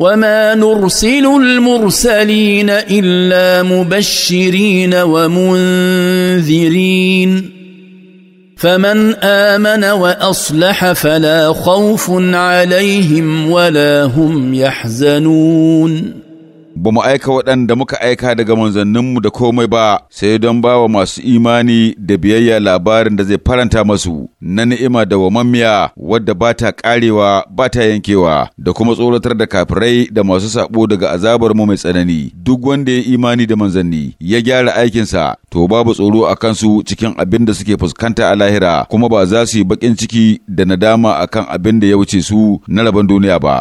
وما نرسل المرسلين الا مبشرين ومنذرين فمن امن واصلح فلا خوف عليهم ولا هم يحزنون ba mu aika waɗanda muka aika daga manzanninmu da komai ba sai don ba wa masu imani da biyayya labarin da zai faranta masu na ni'ima da wamammiya wadda ba ta ƙarewa ba ta yankewa da kuma tsoratar da kafirai da masu sabo daga azabar mu mai tsanani duk wanda ya imani da manzanni ya gyara aikinsa to babu tsoro a kansu cikin abin da suke fuskanta a lahira kuma ba za su yi baƙin ciki da nadama akan abin da ya wuce su na rabon duniya ba